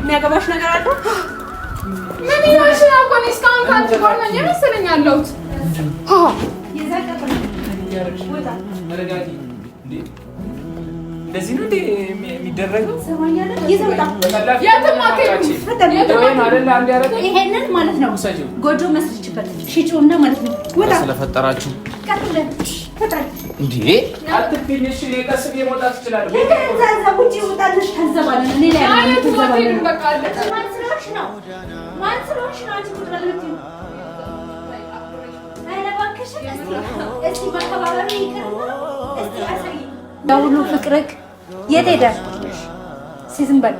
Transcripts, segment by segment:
የሚያገባሽ የሚያገባሽ ነገር አለ? ምን ይሆንሽ ነው እኮ እኔ እስካሁን ከአንቺ ጋር ነኝ የመሰለኝ ያለሁት። አዎ እንደዚህ ነው የሚደረገው። ይሄንን ማለት ነው ጎጆ መስርችበት ሽጪው እና ማለት ነው ስለፈጠራችሁ ለሁሉ ፍቅርክ የት ሄደሽ ሲዝም በል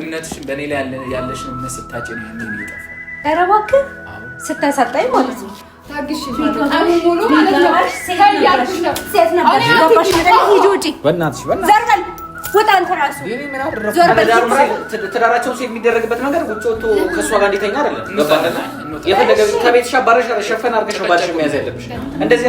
እምነትሽን በእኔ ላይ ያለሽን እምነት ስታጭ ነው ያንን ይጠፋ። ኧረ እባክህ ስታሳጣኝ ማለት ነው። ትዳራቸውን ሴት የሚደረግበት ነገር ውጭ ወጥቶ ከእሷ ጋር እንዲተኛ አይደለም። ከቤትሽ አባረሽ ሸፈን አድርገሽ ባልሽ መያዝ ያለብሽ እንደዚህ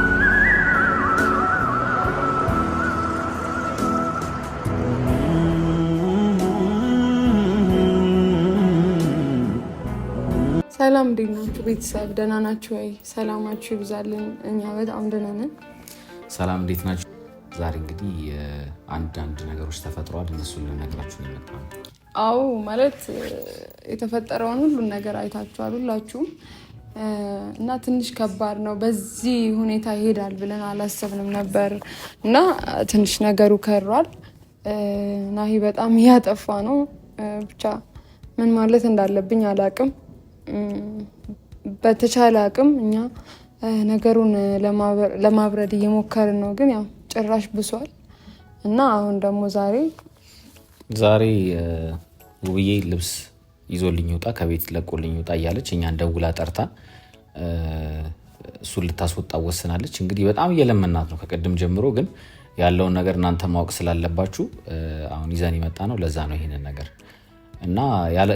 ሰላም እንዴት ናችሁ ቤተሰብ? ደህና ናችሁ ወይ? ሰላማችሁ ይብዛልን። እኛ በጣም ደህና ነን። ሰላም እንዴት ናችሁ? ዛሬ እንግዲህ አንዳንድ ነገሮች ተፈጥረዋል። እነሱን ልነግራችሁ የመጣ ነው። አዎ ማለት የተፈጠረውን ሁሉን ነገር አይታችኋል ሁላችሁም እና ትንሽ ከባድ ነው። በዚህ ሁኔታ ይሄዳል ብለን አላሰብንም ነበር እና ትንሽ ነገሩ ከሯል። ናሂ በጣም እያጠፋ ነው። ብቻ ምን ማለት እንዳለብኝ አላቅም። በተቻለ አቅም እኛ ነገሩን ለማብረድ እየሞከርን ነው፣ ግን ያው ጭራሽ ብሷል እና አሁን ደግሞ ዛሬ ዛሬ ውብዬ ልብስ ይዞልኝ ውጣ ከቤት ለቆልኝ ውጣ እያለች እኛን ደውላ ጠርታ እሱን ልታስወጣ ወስናለች። እንግዲህ በጣም እየለመናት ነው ከቅድም ጀምሮ፣ ግን ያለውን ነገር እናንተ ማወቅ ስላለባችሁ አሁን ይዘን የመጣ ነው። ለዛ ነው ይሄንን ነገር እና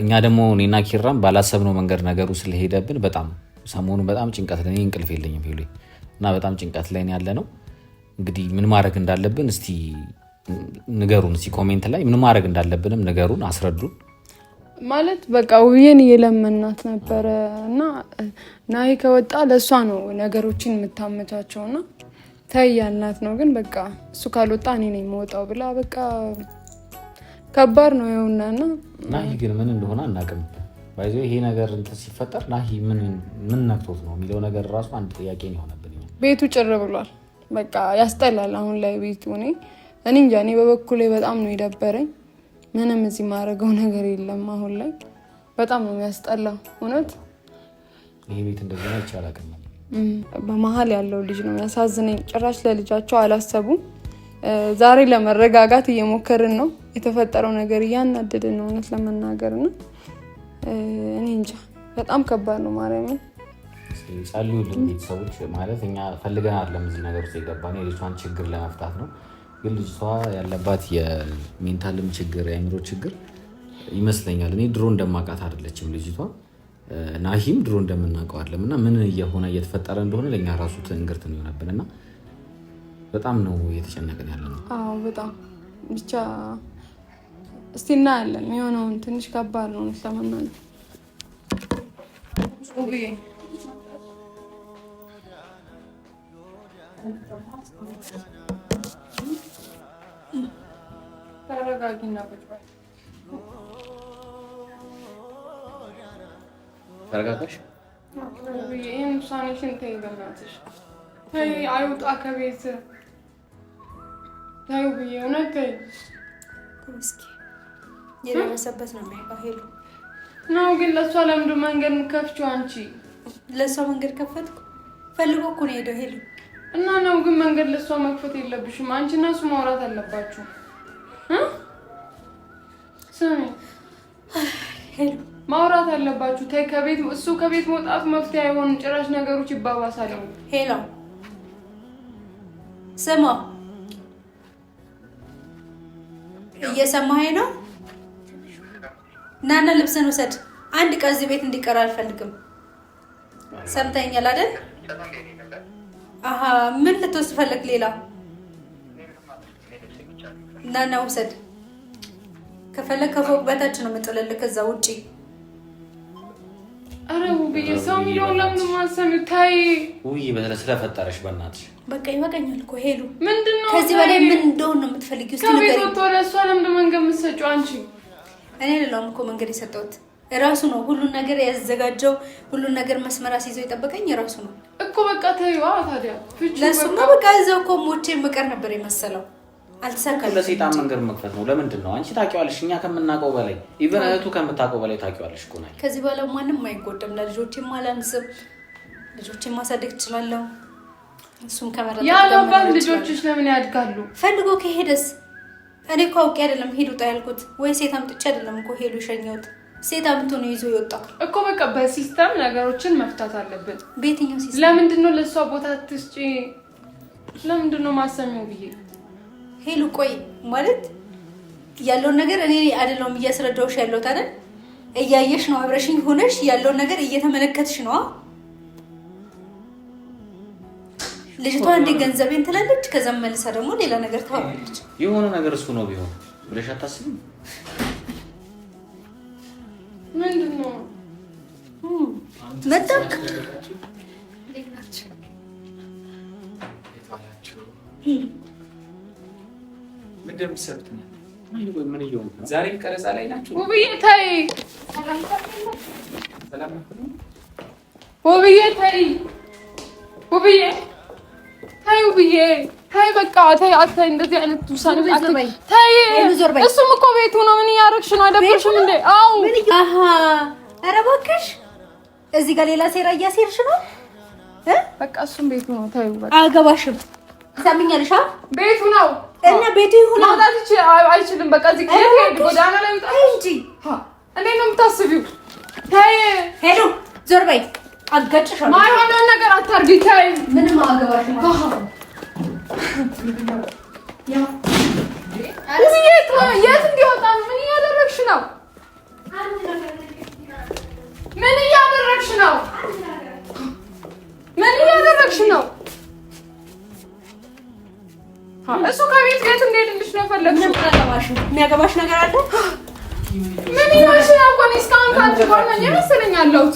እኛ ደግሞ እኔና ኪራም ባላሰብነው መንገድ ነገሩ ስለሄደብን በጣም ሰሞኑ በጣም ጭንቀት ላይ እንቅልፍ የለኝም ሄሉ እና በጣም ጭንቀት ላይ ያለ ነው። እንግዲህ ምን ማድረግ እንዳለብን እስቲ ንገሩን። እስቲ ኮሜንት ላይ ምን ማድረግ እንዳለብንም ንገሩን፣ አስረዱን። ማለት በቃ ውብዬን እየለመናት ነበረ እና ናሂ ከወጣ ለእሷ ነው ነገሮችን የምታመቻቸውና ተይ ያልናት ነው። ግን በቃ እሱ ካልወጣ እኔ ነው የምወጣው ብላ በቃ ከባድ ነው የውና እና ናሂ ግን ምን እንደሆነ አናውቅም። ባይዞ ይሄ ነገር እንትን ሲፈጠር ናሂ ምን ነክቶት ነው የሚለው ነገር ራሱ አንድ ጥያቄ ነው የሆነብን። ቤቱ ጭር ብሏል። በቃ ያስጠላል። አሁን ላይ ቤቱ እኔ እኔ እንጃ እኔ በበኩሌ በጣም ነው የደበረኝ። ምንም እዚህ ማድረገው ነገር የለም። አሁን ላይ በጣም ነው የሚያስጠላው። እውነት ይሄ ቤት እንደዚህ ነው ይቻላል። በመሀል ያለው ልጅ ነው ያሳዝነኝ። ጭራሽ ለልጃቸው አላሰቡም። ዛሬ ለመረጋጋት እየሞከርን ነው። የተፈጠረው ነገር እያናደድን ነው እውነት ለመናገር ነው። እኔ እንጃ በጣም ከባድ ነው። ማርያምን ጸልዩልን ቤተሰቦች። ማለት እኛ ፈልገን አይደለም እዚህ ነገር ውስጥ የገባነው የልጅቷን ችግር ለመፍታት ነው። ግን ልጅቷ ያለባት የሜንታልም ችግር የአእምሮ ችግር ይመስለኛል። እኔ ድሮ እንደማውቃት አይደለችም ልጅቷ ናሂም ድሮ እንደምናውቀው አይደለም እና ምን እየሆነ እየተፈጠረ እንደሆነ ለእኛ ራሱ ትንግርት ነው የሆነብን እና በጣም ነው እየተጨነቅን ያለ ነው። አዎ በጣም ብቻ እስቲ እናያለን። የሆነውን ትንሽ ከባድ ነው ስለመናለ ተረጋጋሽ ይህን አይውጣ ከቤት ተይው ብዬ እውነት ተይው። የደረሰበት ነው የሚያውቀው። ሄሎ ነው ግን ለእሷ ለምዶ መንገድ የምከፍችው አንቺ። ለእሷ መንገድ ከፈትኩ ፈልጎ እኮ ነው ሄደው ሄሎ እና ነው ግን መንገድ ለእሷ መክፈት የለብሽም አንቺ እና እሱ ማውራት አለባችሁ። ስሚ ሄሎ ማውራት አለባችሁ። ተይ ከቤት እሱ ከቤት መውጣቱ መፍትሄ አይሆንም። ጭራሽ ነገሮች ይባባሳሉ። ሄሎ ስማ፣ እየሰማኸኝ ነው? ናና ልብስን ውሰድ። አንድ ቀን እዚህ ቤት እንዲቀር አልፈልግም። ሰምተኛል አይደል? አሀ ምን ልትወስድ ፈለግ? ሌላ ናና ውሰድ። ከፈለግ ከፎቅ በታች ነው የምጥልልህ፣ ከዛ ውጪ አረቡ ብዬ ሰው የሚለውን ለምን ውይ፣ በተለይ ስለፈጠረሽ በእናትሽ በቃ ይበቃኛል እኮ ሄሉ። ምንድን ነው ከዚህ በላይ ምን እንደሆነ ነው የምትፈልጊው? ከቤት ወጥቶ ለእሷ ለምንድን መንገድ የምትሰጪው አንቺ? እኔ ሌላውም እኮ መንገድ የሰጠሁት እራሱ ነው። ሁሉን ነገር ያዘጋጀው ሁሉን ነገር መስመር አስይዘው የጠበቀኝ እራሱ ነው እኮ። በቃ ተይዋ ታዲያ። ለእሱማ በቃ እዛው እኮ ሞቼ መቀር ነበር የመሰለው አልተሳካልም። ለሴጣን መንገድ መክፈት ነው። ለምንድን ነው አንቺ ታውቂዋለሽ፣ እኛ ከምናውቀው በላይ ኢቨን እህቱ ከምታውቀው በላይ ታውቂዋለሽ ከዚህ በኋላ ማንም አይጎዳም። ለልጆቼ አላንስም። ልጆቼ ማሳደግ እችላለሁ። እሱም ከመረጠ ያለባት ልጆችሽ ለምን ያድጋሉ? ፈልጎ ከሄደስ? እኔ እኮ አውቄ አይደለም ሄዱ ጣ ያልኩት፣ ወይ ሴት አምጥቼ አይደለም እኮ ሄዱ ሸኘሁት። ሴት አምጥቶ ነው ይዞ የወጣው እኮ። በቃ በሲስተም ነገሮችን መፍታት አለብን። በየትኛው ሲስተም? ለምንድን ነው ለእሷ ቦታ ትስጪ? ለምንድን ነው ማሰሚው ብዬ ሄሉ፣ ቆይ ማለት ያለውን ነገር እኔ አይደለሁም እያስረዳሁሽ ያለሁት አይደል? እያየሽ ነው አብረሽኝ ሆነሽ ያለውን ነገር እየተመለከትሽ ነው ልጅቷ እንደ ገንዘቤን ትላለች፣ ከዛም መልሳ ደግሞ ሌላ ነገር ታወራለች። የሆነ ነገር እሱ ነው ቢሆን ብለሽ አታስብም? ምንድን ነው መጣክ ዛሬ ቀረጻ ላይ ናቸው። ውብዬ ተይ፣ ውብዬ ተይ፣ ውብዬ ተይው ብዬ ተይ በቃ ተይ አታይ እንደዚህ አይነት ውሳኔ ተይ እሱም እኮ ቤቱ ነው። ምን እያደረግሽ ነው? አደብርሽም እንዴ? አዎ። ኧረ እባክሽ እዚህ ጋር ሌላ ሴራ እያሴርሽ ነው። በቃ እሱም ቤቱ ነው። ተይው በቃ አገባሽም። ሰምኛልሽ። ቤቱ ነው እና ቤቱ ይሁን ማለት አይችልም። በቃ እዚህ ጋር ሄድ ጎዳና ላይ ወጣ እንጂ እንዴት ነው የምታስቢው? ተይ ሄዱ ዞር በይ አጋጭሻለሁ። ማይሆነውን ነገር አታርጊ። ተይ፣ ምንም አገባሽም። የት እንዲወጣ ምን እያደረግሽ ነው? ምን እያደረግሽ ነው? ምን እያደረግሽ ነው? እሱ ከቤት የት እንዲሄድልሽ ነው የፈለግሽው? የሚያገባሽ ነገር አለ? ምን ይሆንሽ ነው? እስካሁን ከአንቺ ጋር ነኝ የመሰለኝ ያለሁት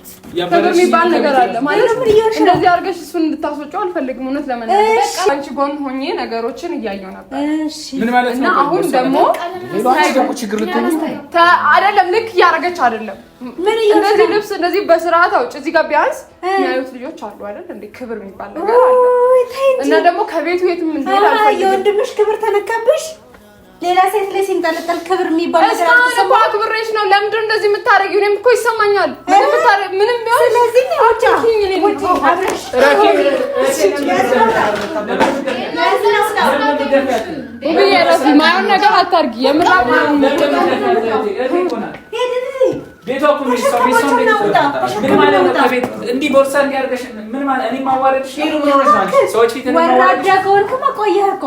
ክብር የሚባል ነገር አለ ማለት ነው። እንደዚህ አድርገሽ እሱን እንድታስወጪው አልፈልግም። እውነት ለመናገር አንቺ ጎን ሆኜ ነገሮችን እያየሁ ነበር እና አሁን ደግሞ አይደለም ልክ እያደረገች አይደለም። እንደዚህ ልብስ እንደዚህ በስርዓት አውጪ። እዚህ ጋር ቢያንስ የሚያዩት ልጆች አሉ አይደል? እንደ ክብር የሚባል ነገር አለ እና ደግሞ ከቤቱ የትም እንደ የወንድምሽ ክብር ተነካብሽ ሌላ ሴት ላይ ሲንጠለጠል ክብር የሚባል ነገር እኮ አክብሬሽ ነው። ለምንድን እንደዚህ የምታደርጊው? እኔም እኮ ይሰማኛል። ምንም ቢሆን ስለዚህ ነው ነገር አታርጊ። ቤቷ እኮ ነው ሰው ቤት ሰው ምን ማለት ነው? ከቤት እንዲህ ቦርሳ እንዲያርገሽ ምን ማለት እኔ ማዋረድ ሽ ነው ነው ማለት ሰዎች ፊት ወራዳ ከሆንክ ቆየህ እኮ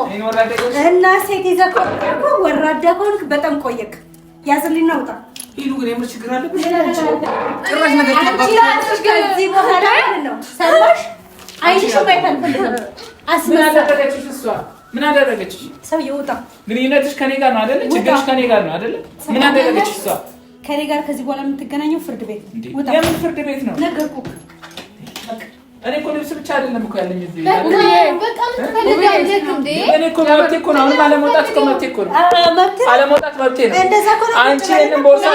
እና ሴት ይዘህ እኮ ወራዳ ከሆንክ በጣም ቆየህ። ያዝልኝ ነው ውጣ። ሂዱ ግን የምር ችግር አለብሽ። ምን አደረገችሽ? ሰውዬው ውጣ። ግንኙነትሽ ከኔ ጋር ነው አይደለ? ችግርሽ ከኔ ጋር ነው አይደለ? ምን አደረገችሽ እሷ? ከኔ ጋር ከዚህ በኋላ የምትገናኘው ፍርድ ቤት የምን ፍርድ ቤት ነው ነገርኩህ። እኔ እኮ ልብስ ብቻ አይደለም እኮ ያለኝ እዚህ እኔ እኮ መብቴ እኮ ነው። አለመውጣት እኮ መብቴ እኮ ነው። አለመውጣት መብቴ ነው። አንቺ ቦርሳ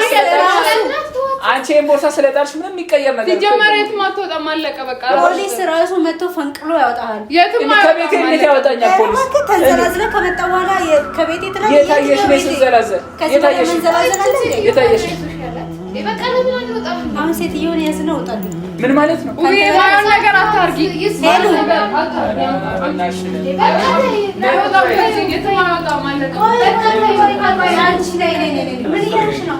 አንቺ ቦርሳ ስለጣልሽ ምንም የሚቀየር ነገር ሲጀመር የትም አትወጣም። አለቀ በቃ። ፖሊስ ራሱ መጥቶ ፈንቅሎ ያወጣል። የትም ከቤቴ እንዴት ያወጣኛል? ፖሊስ ተንዘላዝለ ከመጣ በኋላ ከቤቴ ተላል የታየሽ ነው ሲዘላዘል የታየሽ የታየሽ አሁን ሴትዮውን ነው ውጣልኝ። ምን ማለት ነው? ነገር አታርጊ። ምን እያልሽ ነው?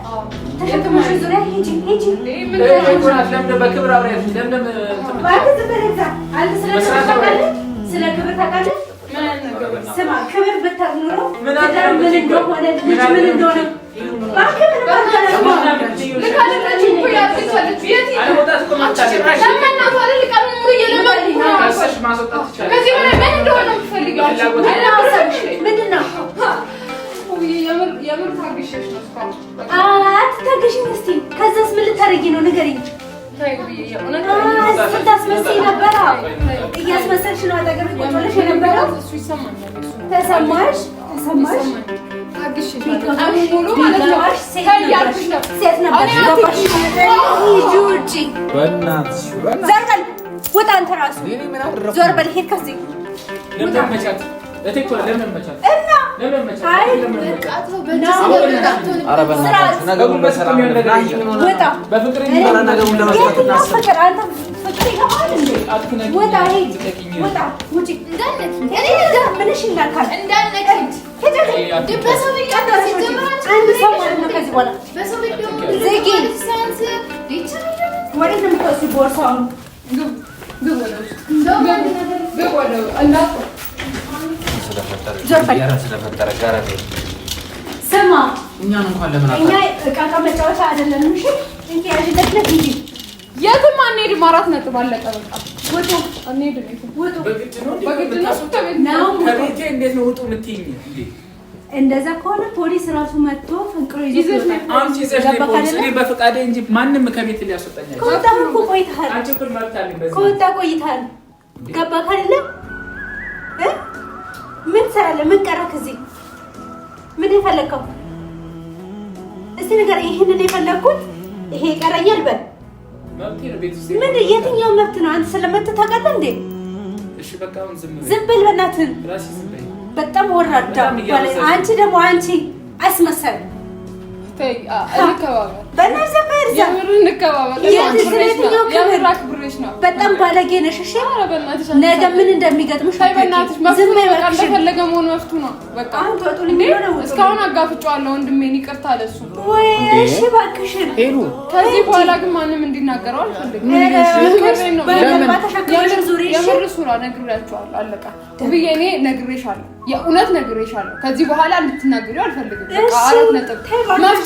ስለ ክብር ምንድን ነው? የምር ታግሼሽ ነው እስካሁን። አትታገሽኝ እስቲ። ከዛስ ምን ልታረጊ ነው ንገሪኝ። ስታስመስይ ነበረ። እያስመሰልሽ ነው አጠገብሽ ቁጭ ብለሽ የነበረው። ተሰማሽ? ተሰማሽ? ዞር በል ሄድ ከዚህ ወደ ስለፈጠረ ጋራ ስማ፣ እኛን እንኳን ለምን እኛ ዕቃ ዕቃ መጫወቻ አይደለንም። እሺ እንዴ አይደለም እንጂ የትም አንሄድም። አራት ነጥብ አለቀ። በቃ ውጡ፣ አንሄድም። እንደዛ ከሆነ ፖሊስ ራሱ መጥቶ ፍንቅሮ ይዞት አንቺ ይዘሽ እንጂ ማንም ከቤት ሊያስወጣኝ ከወጣ ቆይተሃል። ገባ ካለ ምን ትሰራለህ? ምን ቀረህ እዚህ? ምን የፈለግከው እስቲ ንገረኝ። ይህንን የፈለግኩት ይሄ ይቀረኛል በል። ምን የትኛው መብት ነው? አንተ ስለመብት ታውቃለህ እንዴ? ዝም በል በእናትህን። በጣም ወራዳ አንቺ ደግሞ አንቺ አስመሰል በጣም ባለጌ ነሽ። እሺ ነገ ምን እንደሚገጥምሽ ዝም መሆን መፍቱ ነው። በቃ እስካሁን አጋፍጫዋለሁ ወንድሜን፣ ይቅርታ ለሱ። እሺ እባክሽን፣ ከዚህ በኋላ ግን ማንም እንዲናገረው አልፈልግም። ሱራ ነግሬያቸዋለሁ። አለቃ ብዬ እኔ ነግሬሻለሁ፣ የእውነት ነግሬሻለሁ። ከዚህ በኋላ እንድትናገሪው አልፈልግም። አራት ነጥብ መፍቱ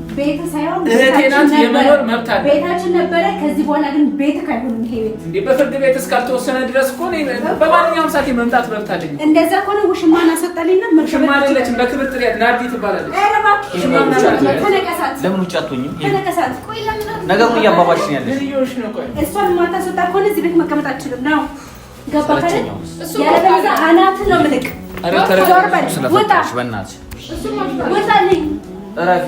ቤት ሳይሆን የመኖር መብት አለ። ቤታችን ነበረ። ከዚህ በኋላ ግን ቤት አይሆንም። ይሄ ቤት እንዴ በፍርድ ቤት እስካልተወሰነ ድረስ እኮ በማንኛውም ሰዓት የመምጣት መብት አለኝ። እንደዛ ከሆነ ውሽማን አሰጠልኝና ውሽማ አይደለችም። በክብር ጥሪያት ናርዲ ትባላለች። ለምን ውጭ አትሆኝም? ነገሩን እያባባሽ ነው ያለሽ። እሷን የማታስወጣ ከሆነ እዚህ ቤት መቀመጥ አልችልም ነው ገባህ? ያለበለዛ አናት ነው ምልክ። ውጣ ወጣልኝ። እረፊ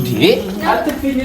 ነው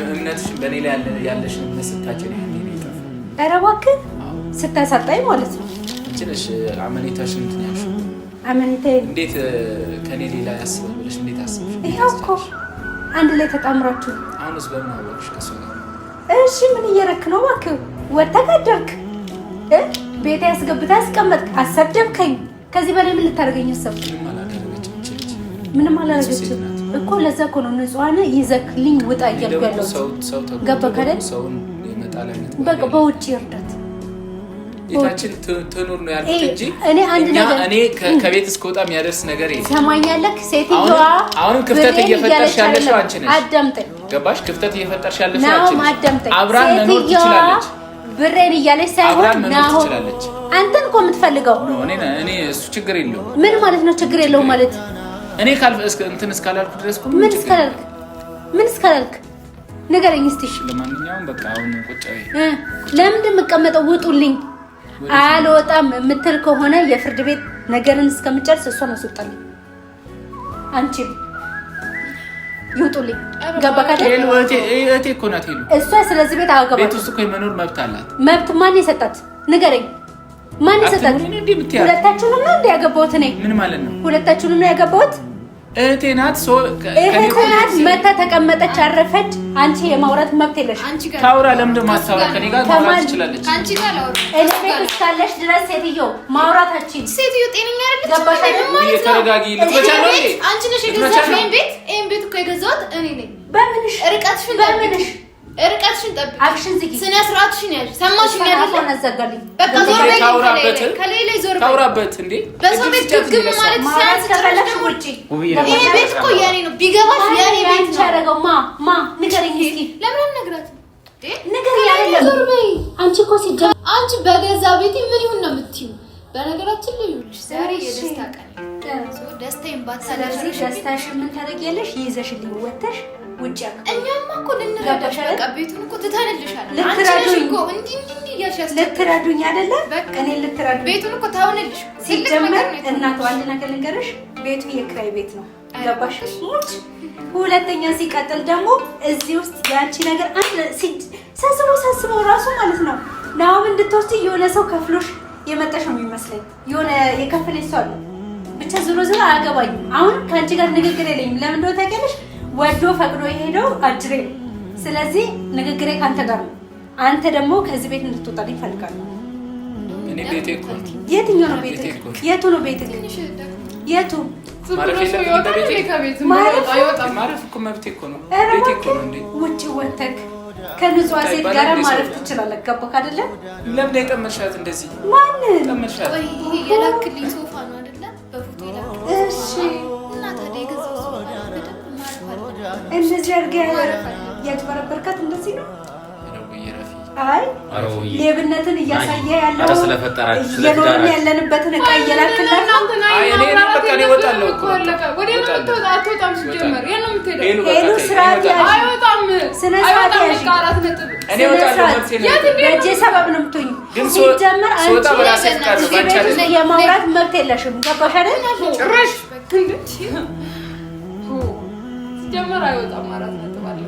እምነትሽን በእኔ ላይ ያለሽን እምነት ስታጭን ያህል ኧረ እባክህ ስታሳጣኝ ማለት ነው። እንትን አመኔታ እንዴት ከእኔ ሌላ ያስባል ብለሽ እንዴት አስብሽ? ይኸው እኮ አንድ ላይ ተጣምራችሁ። አሁንስ በምን አወቅሽ ከሱ እሺ ምን እየረክ ነው እባክህ? ቤት ያስገብታ ያስቀመጥክ አሳደብከኝ። ከዚህ በላይ ምን ልታደርገኝ ምንም አላደረገችም። ምንም አላደረገችም እኮ ለዛ እኮ ነው ንጹሐን ይዘክልኝ ውጣ እያልኩ ገባ ከደል በቃ በውጭ ይርዳት ቤታችን ትኑር ነው ያልኩት እንጂ እኔ ከቤት እስከወጣ የሚያደርስ ነገር የለም። ሴትዮዋ አሁንም ክፍተት እየፈጠርሽ ያለሽው አንቺ ነሽ። አዳምጠኝ፣ ገባሽ? ክፍተት እየፈጠርሽ ያለሽው አንቺ ነሽ። አዳምጠኝ። አብራን መኖር ትችላለች። ብሬን እያለች ሳይሆን ናሆም አንተን እኮ የምትፈልገው እኔ እሱ ችግር የለውም። ምን ማለት ነው? ችግር የለውም ማለት እኔ እስከ እንትን እስካላልኩ ድረስ ኩም ምን እስካላልክ ምን እስካላልክ ንገረኝ እስቲ። እሺ ለማንኛውም በቃ አሁን ቁጭ በይ። ለምንድን የምቀመጠው? ውጡልኝ። አልወጣም የምትል ከሆነ የፍርድ ቤት ነገርን እስከምጨርስ እሷን አስወጣልኝ። አንቺም ይውጡልኝ። ገባህ አይደል? እህቴ እኮ ናት ሄሉ። እሷ ስለዚህ ቤት አገባ ቤት ውስጥ እኮ የመኖር መብት አላት። መብት ማን የሰጣት? ንገረኝ ማን ሰጣት? ሁለታችሁንም ነው እንደ ያገባሁት እኔ። ምን ማለት ነው? ሁለታችሁንም ነው ያገባሁት። እህቴ ናት። እህቴ ናት። መታ ተቀመጠች፣ አረፈች። አንቺ የማውራት መብት የለሽም። ታውራ ለምንድን ነው የማታወራ? ከእኔ ጋር ማውራት ትችላለች። እኔ ቤት እስካለሽ ድረስ ሴትዮ ማውራታችን ሴትዮ ጤነኛ አይደለች። ተረጋጊ። ልትመቻ ነው እንዴ? አንቺ ነሽ የገዛሽው ይሄን ቤት። ይሄን ቤት እኮ የገዛሁት እኔ ነኝ። በምንሽ ርቀትሽን በምንሽ እርቀትሽን ጠብቂ። አክሽን ዝጊ። ስነ ስርዓትሽን ያዥ። ሰማሽ? የሚያደርገው በቃ ዞር በይ። ታውራበት ከሌላ ዞር ታውራበት እንዴ በሰው ቤት ትግም ማለት ሲያንስ ጭራሽ ውጪ። ይሄ ቤት እኮ የኔ ነው። ቢገባሽ የኔ ቤት ነው። ያደረገው ማ ማ ንገረኝ እስኪ። ለምን ነግራት ንገረኝ። አይደለም ዞር በይ። አንቺ እኮ ሲጀምር አንቺ በገዛ ቤቴ ምን ይሁን ነው የምትይው? በነገራችን ላይ ይኸውልሽ ዛሬ የደስታ ቀን ነው። ደስታዬን ባታላሽ ደስታሽን ምን ታደርጊያለሽ? ይዘሽልኝ ወተሽ ውጭ እኛማ እኮ ልንረዳሽ በቃ ቤቱን እኮ ልትረዱኝ እኔ ቤቱን እኮ ታውንልሽ። ሲጀመር አንድ ነገር ልንገርሽ፣ ቤቱ የክራይ ቤት ነው። ገባሽ? ሁለተኛ ሲቀጥል ደግሞ እዚህ ውስጥ ያንቺ ነገር አንድ ማለት ነው ናሁም እንድትወስድ የሆነ ሰው ከፍሎሽ የመጣሽ ነው የሚመስለኝ። የሆነ የከፈለች ሰው አለ። ብቻ ዞሮ ዞሮ አያገባኝም። አሁን ከአንቺ ጋር ንግግር የለኝም። ለምን እንደሆነ ታውቂያለሽ ወዶ ፈቅዶ የሄደው አጅሬ ነው። ስለዚህ ንግግሬ ካንተ ጋር ነው። አንተ ደግሞ ከዚህ ቤት እንድትወጣ ይፈልጋሉ። የትኛው ነው ቤት? የቱ ነው ቤት? የቱ ውጭ ወተክ ከንጹህ ሴት ጋር ማረፍ ትችላለህ። አይደለ? ለምን የጠመሻት እንደዚህ ጠመሻት? ይሄ የላክልኝ ሶፋ ነው አይደለ? በፎቶ እንደዚህ አድርገህ ያጭበረበርካት እንደዚህ ነው። አይ ሌብነትን እያሳየ ያለው እየኖርን ያለንበትን እቃ እየላክላት ሰበብ ነው የምትሆኝ። ሲጀመር የማውራት መብት የለሽም። ገባሽ አይደል? ሲጀመር አይወጣም። አራት ነጥብ አለ።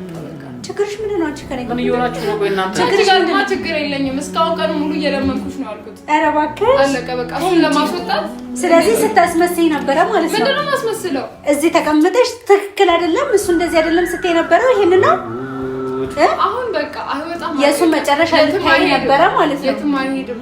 ችግርሽ ምንድን ነው? ምን እየሆናችሁ ነው? እናንተ ችግርሽ ምንድን ችግር የለኝም። እስካሁን ቀኑ ሙሉ እየለመንኩሽ ነው አልኩት። ኧረ እባክሽ አለቀ፣ በቃ እሱን ለማስወጣት። ስለዚህ ስታስመስይ ነበረ ማለት ነው። ምንድን ነው የማስመስለው? እዚህ ተቀምጠሽ ትክክል አይደለም እሱ እንደዚህ አይደለም ስትይ ነበረ። ይሄን ነው አሁን በቃ አይወጣም። የእሱን መጨረሻ ልታይ ነበረ ማለት ነው። የትም አይሄድም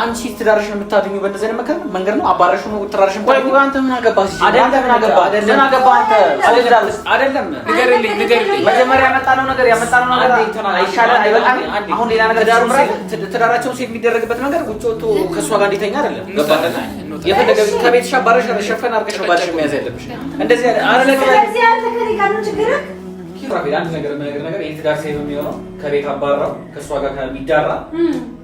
አንቺ ትዳርሽን የምታድኙ በእንደዚህ አይነት መከራ መንገድ ነው። አባረሽ ነው ትዳርሽን። ቆይ ቆይ፣ አንተ ምን አገባህ? አይደለም ምን አገባህ? አይደለም መጀመሪያ ያመጣነው ነገር ያመጣነው ነገር አይሻልም? አይበቃም? አሁን ሌላ ነገር ትዳራቸውን ሴት የሚደረግበት ነገር ውጭ ወጥቶ ከእሷ ጋር እንዲተኛ አይደለም። ገባህ? የፈለገ ከቤትሽ አባረሽ ሸፈን አድርገሽ ነው ባልሽ መያዝ ያለብሽ። እንደዚህ አይደለም አንድ ነገር ነገር ነገር ይሄ ትዳር ሴት የሚሆነው ከቤት አባራው ከእሷ ጋር ከሚዳራ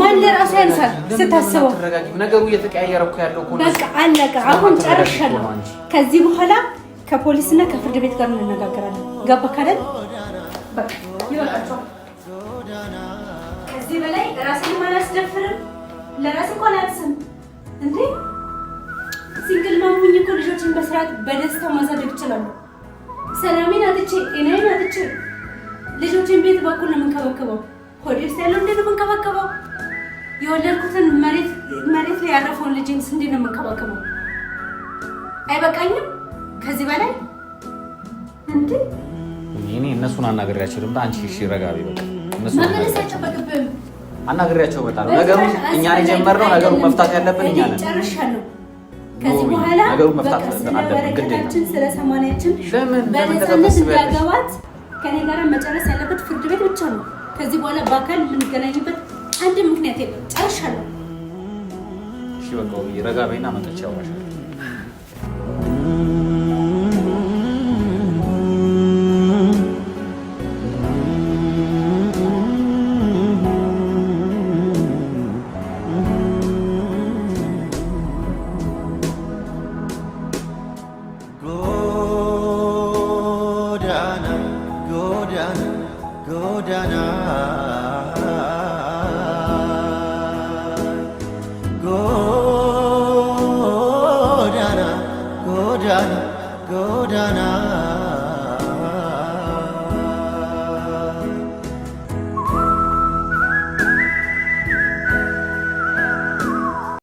ማን ለራሱ ያንሳል ስታስበው፣ ነገሩ እየተቀያየረ እኮ ያለው በቃ አለቀ። አሁን ጨርሻለሁ። ከዚህ በኋላ ከፖሊስና ከፍርድ ቤት ጋር እንነጋገራለን። ገባ ካለን በቃ ከዚህ በላይ ራሴን አላስደፍርም። ለራሴ እኮ አላንስም እንዴ ሲንግል ማሙኝ እኮ ልጆችን በስርዓት በደስታ ማሳደግ ይችላሉ። ሰላሜን አጥቼ እኔን አጥቼ ልጆችን ቤት በኩል ነው የምንከባከበው። ሆዴ ውስጥ ያለው እንዴት ነው የምንከባከበው? የወለድኩትን መሬት ላይ ያረፈውን ልጅን ስንዴ ነው የምንከባከበው። አይበቃኝም ከዚህ በላይ እንዴ? እኔ እነሱን አናግሬያቸው ልምጣ። አንቺ እሺ፣ ረጋቢ በይ። በቃ እነሱ መመለሳቸው በግብም አናግሬያቸው እመጣለሁ። ነገሩን እኛ የጀመርነው ነገሩን መፍታት ያለብን እኛ ነን። ጨርሻለሁ። ከዚህ በኋላ ነገሩ መፍታት አለብን። ግዴታችን ስለ ሰማንያችን በነፃነት እንዳገባት ከኔ ጋር መጨረስ ያለበት ፍርድ ቤት ብቻ ነው። ከዚህ በኋላ በአካል የምንገናኝበት አንድም ምክንያት የለም። ጨርሻለሁ። እሺ በቃ ረጋ በይና መጠቻ ያዋሻል